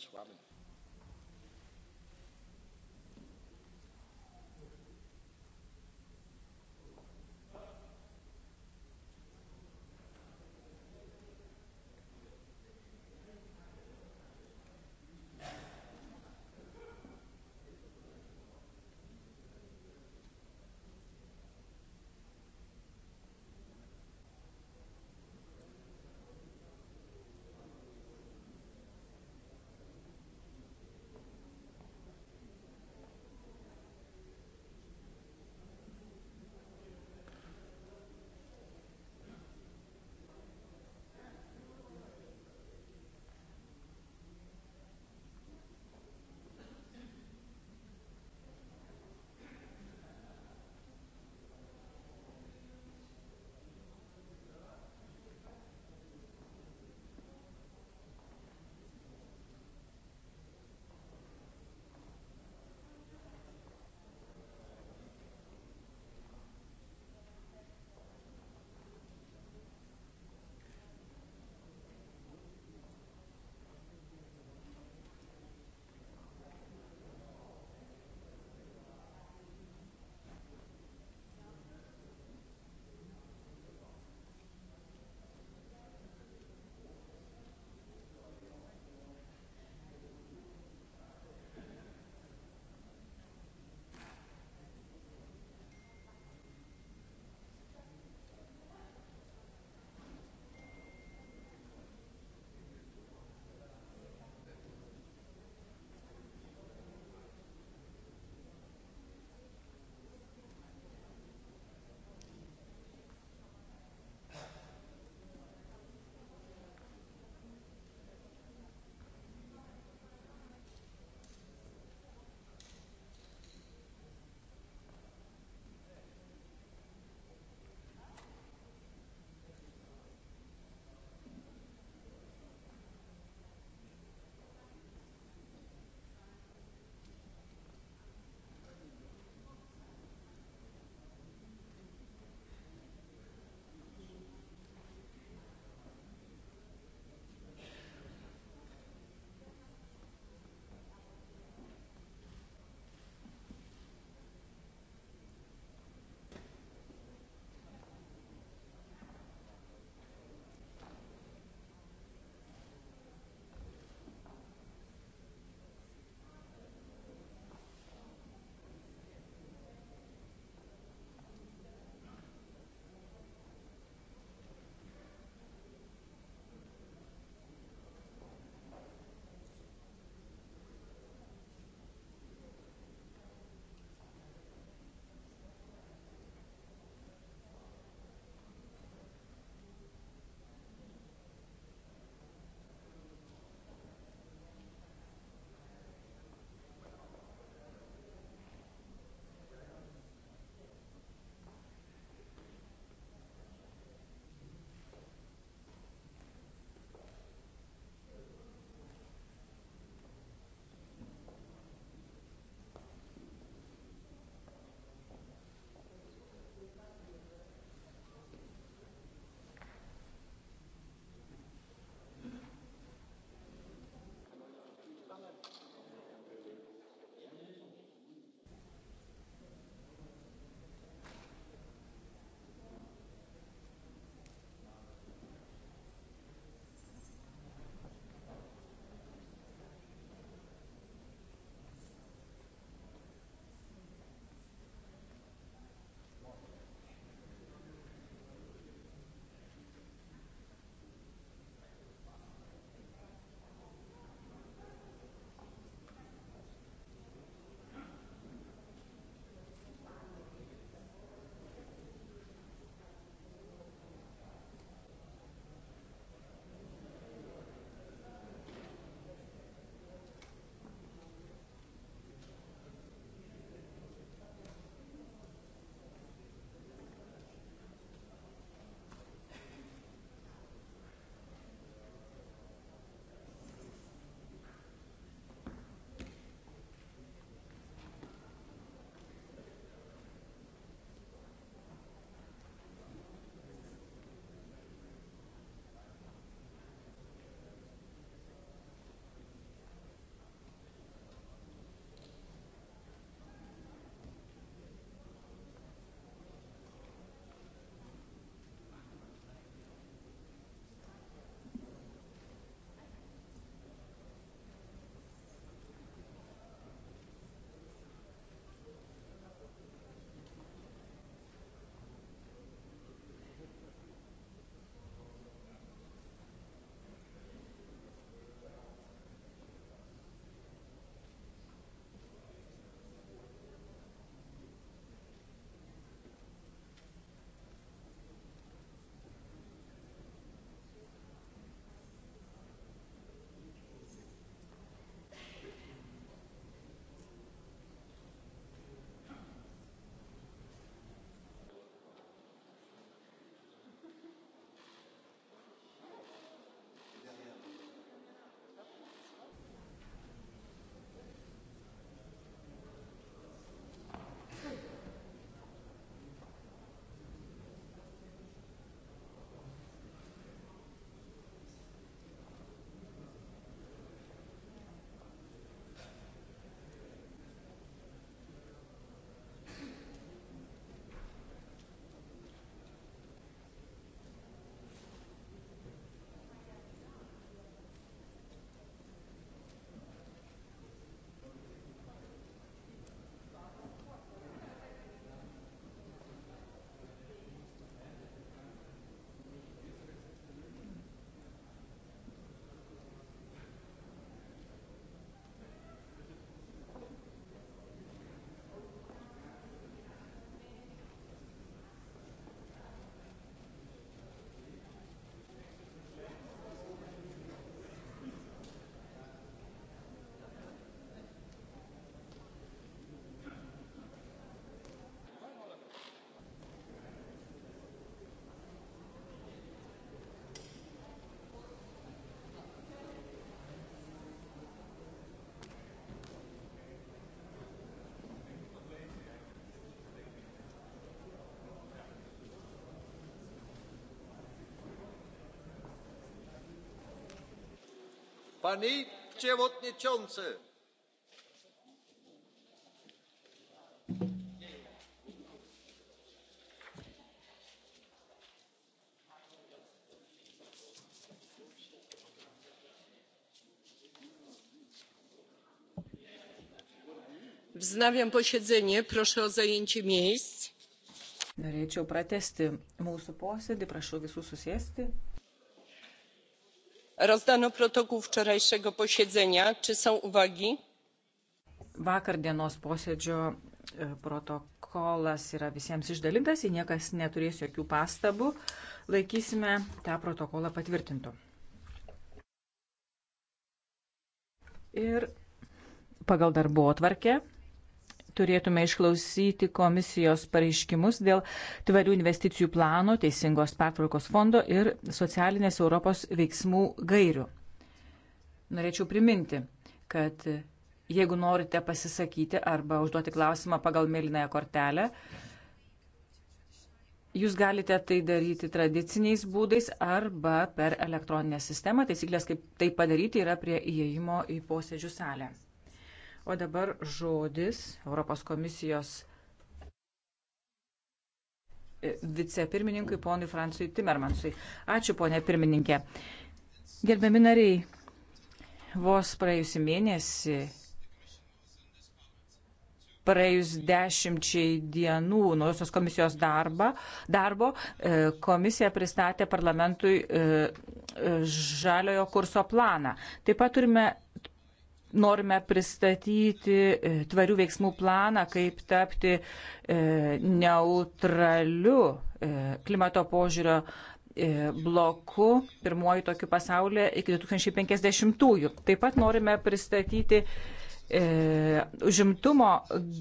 schwammen. Pani przewodniczący! Wznawiam posiedzenie. Proszę o zajęcie miejsc. Norėčiau pratesti mūsų posėdį, prašau visus susėsti rozdano protokół wczorajszego posiedzenia czy są uwagi vakar dienos posėdžio e, protokolas yra visiems išdalintas jei niekas neturės jokių pastabų laikysime tą protokolą patvirtintu ir pagal darbotvarkę turėtume išklausyti komisijos pareiškimus dėl tvarių investicijų plano, teisingos pertvarkos fondo ir socialinės Europos veiksmų gairių. Norėčiau priminti, kad jeigu norite pasisakyti arba užduoti klausimą pagal mėlynąją kortelę, Jūs galite tai daryti tradiciniais būdais arba per elektroninę sistemą. Taisyklės, kaip tai padaryti, yra prie įėjimo į posėdžių salę. O dabar žodis Europos komisijos vicepirmininkui ponui Fransui Timermansui. Ačiū, ponė pirmininkė. Gerbiami nariai, vos praėjusį mėnesį, praėjus dešimčiai dienų nuosios komisijos darba, darbo, e, komisija pristatė parlamentui e, e, žaliojo kurso planą. Taip pat turime norime pristatyti e, tvarių veiksmų planą, kaip tapti e, neutraliu e, klimato požiūrio bloku, pirmoji tokiu pasaulyje iki 2050-ųjų. Taip pat norime pristatyti užimtumo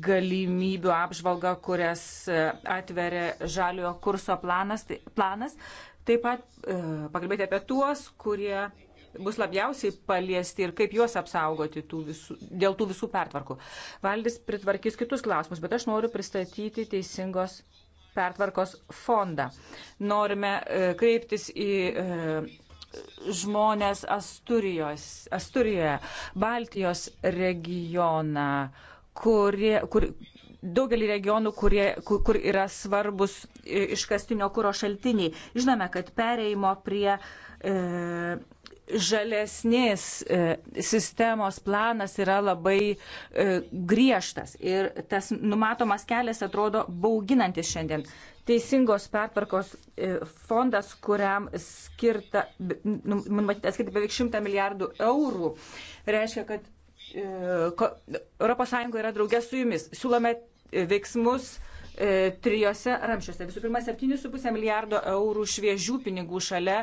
galimybių apžvalgą, kurias atveria žaliojo kurso planas. Tai, planas. Taip pat pakalbėti apie tuos, kurie bus labiausiai paliesti ir kaip juos apsaugoti tų visų, dėl tų visų pertvarkų. Valdis pritvarkys kitus klausimus, bet aš noriu pristatyti teisingos pertvarkos fondą. Norime e, kreiptis į. E, žmonės Asturijos, Asturijoje, Baltijos regioną, kurie, kur, daugelį regionų, kurie, kur, kur yra svarbus e, iškastinio kūro šaltiniai. Žinome, kad pereimo prie e, žalesnės e, sistemos planas yra labai e, griežtas ir tas numatomas kelias atrodo bauginantis šiandien. Teisingos pertvarkos e, fondas, kuriam skirta, nu, numatyta skirti beveik 100 milijardų eurų, reiškia, kad ES yra draugė su jumis. Siūlome veiksmus e, trijose ramšiuose. Visų pirma, 7,5 milijardo eurų šviežių pinigų šalia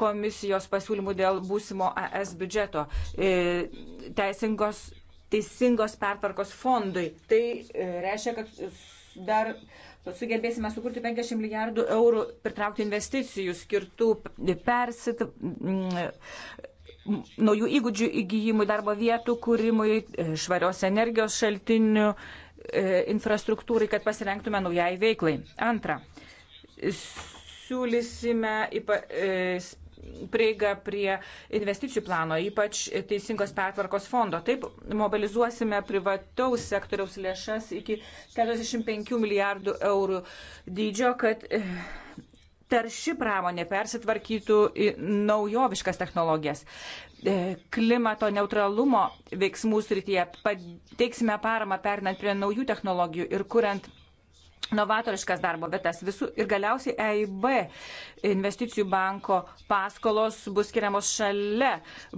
komisijos pasiūlymų dėl būsimo ES biudžeto e, teisingos, teisingos pertvarkos fondui. Tai e, reiškia, kad dar sugebėsime sukurti 50 milijardų eurų pritraukti investicijų skirtų persit naujų įgūdžių įgyjimui, darbo vietų kūrimui, e, švarios energijos šaltinių E, infrastruktūrai, kad pasirengtume naujai veiklai. Antra, siūlysime ypa, e, prieigą prie investicijų plano, ypač teisingos pertvarkos fondo. Taip mobilizuosime privataus sektoriaus lėšas iki 45 milijardų eurų dydžio, kad e, tarši pramonė persitvarkytų į naujoviškas technologijas. E, klimato neutralumo veiksmų srityje pateiksime paramą pernant prie naujų technologijų ir kuriant novatoriškas darbo vietas. Visų, ir galiausiai EIB investicijų banko paskolos bus skiriamos šalia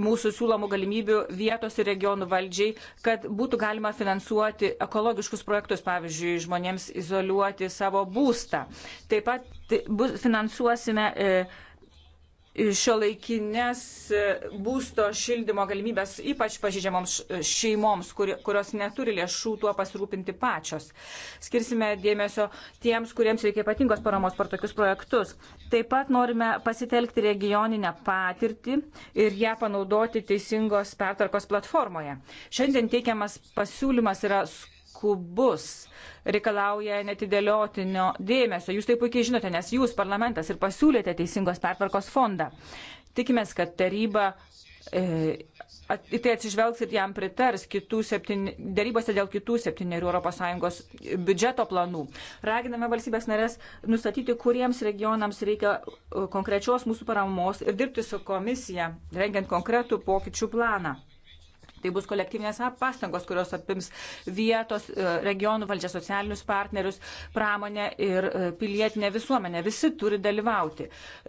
mūsų siūlomų galimybių vietos ir regionų valdžiai, kad būtų galima finansuoti ekologiškus projektus, pavyzdžiui, žmonėms izoliuoti savo būstą. Taip pat tai, bus, finansuosime. E, šio laikinės e, būsto šildymo galimybės ypač pažydžiamoms e, šeimoms, kurios neturi lėšų tuo pasirūpinti pačios. Skirsime dėmesio tiems, kuriems reikia ypatingos paramos per tokius projektus. Taip pat norime pasitelkti regioninę patirtį ir ją panaudoti teisingos pertvarkos platformoje. Šiandien teikiamas pasiūlymas yra skubus skubus, reikalauja netidėliotinio dėmesio. Jūs tai puikiai žinote, nes jūs, parlamentas, ir pasiūlėte Teisingos pertvarkos fondą. Tikimės, kad taryba e, į tai atsižvelgs ir jam pritars septyni, darybose dėl kitų septyniarių ES biudžeto planų. Raginame valstybės narės nustatyti, kuriems regionams reikia e, konkrečios mūsų paramos ir dirbti su komisija, rengiant konkretų pokyčių planą. Tai bus kolektyvinės pastangos, kurios apims vietos, e, regionų valdžią, socialinius partnerius, pramonę ir e, pilietinę visuomenę. Visi turi dalyvauti.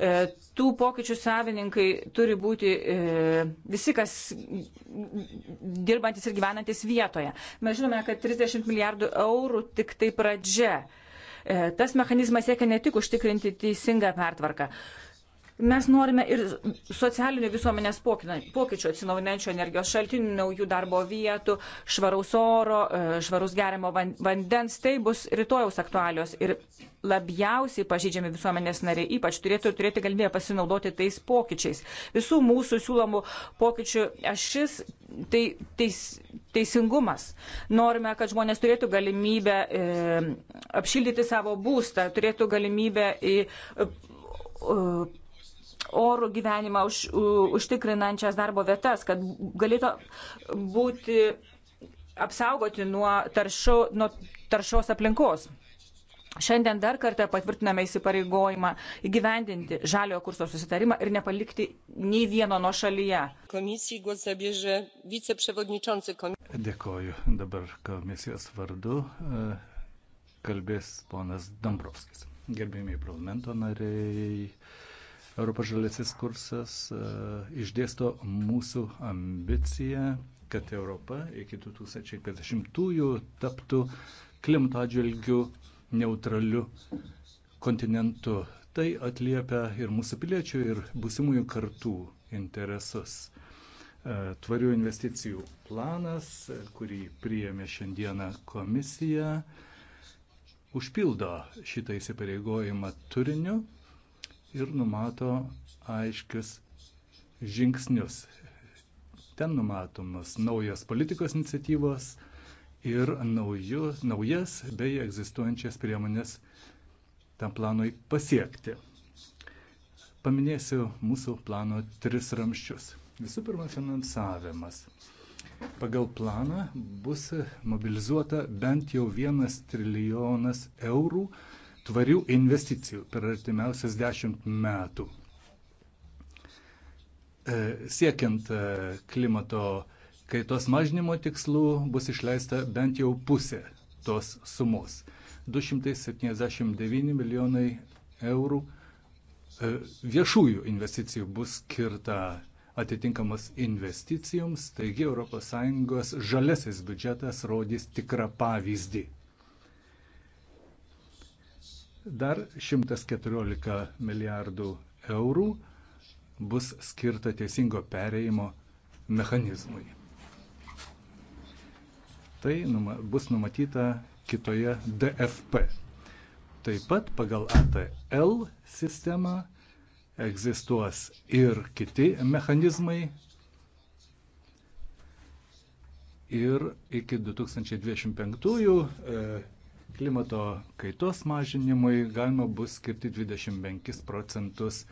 E, tų pokyčių savininkai turi būti visi, kas dirbantis ir gyvenantis vietoje. Mes žinome, kad 30 milijardų eurų tik tai pradžia. Tas mechanizmas siekia ne tik užtikrinti teisingą pertvarką. Mes norime ir socialinio visuomenės pokyčio, atsinaujinančio energijos šaltinių, naujų darbo vietų, švaraus oro, e, švarus gerimo vandens. Tai bus rytojaus aktualios ir labiausiai pažydžiami visuomenės nariai ypač turėtų turėti galimybę pasinaudoti tais pokyčiais. Visų mūsų siūlomų pokyčių ašis tai teis, teisingumas. Norime, kad žmonės turėtų galimybę e, apšildyti savo būstą, turėtų galimybę į. E, e, orų gyvenimą už, užtikrinančias darbo vietas, kad galėtų būti apsaugoti nuo, taršo, nuo taršos aplinkos. Šiandien dar kartą patvirtiname įsipareigojimą įgyvendinti žaliojo kurso susitarimą ir nepalikti nei vieno nuo šalyje. Dėkoju. Dabar komisijos vardu e, kalbės ponas Dombrovskis. Gerbėmiai parlamento nariai, Europos žalėsis kursas e, išdėsto mūsų ambiciją, kad Europa iki 2050-ųjų taptų klimato atžvilgių neutraliu kontinentu. Tai atliepia ir mūsų piliečių, ir būsimųjų kartų interesus e, tvarių investicijų planas, kurį priėmė šiandieną komisija, užpildo šitą įsipareigojimą turiniu ir numato aiškius žingsnius. Ten numatomas naujas politikos iniciatyvos ir naujų, naujas bei egzistuojančias priemonės tam planui pasiekti. Paminėsiu mūsų plano tris ramščius. Visų pirma, finansavimas. Pagal planą bus mobilizuota bent jau vienas trilijonas eurų tvarių investicijų per artimiausias dešimt metų. E, siekiant e, klimato kaitos mažinimo tikslų bus išleista bent jau pusė tos sumos. 279 milijonai eurų e, viešųjų investicijų bus skirta atitinkamas investicijoms, taigi ES žalesis biudžetas rodys tikrą pavyzdį. Dar 114 milijardų eurų bus skirta teisingo pereimo mechanizmui. Tai numa, bus numatyta kitoje DFP. Taip pat pagal ATL sistemą egzistuos ir kiti mechanizmai. Ir iki 2025 e, klimato kaitos mažinimui galima bus skirti 25 procentus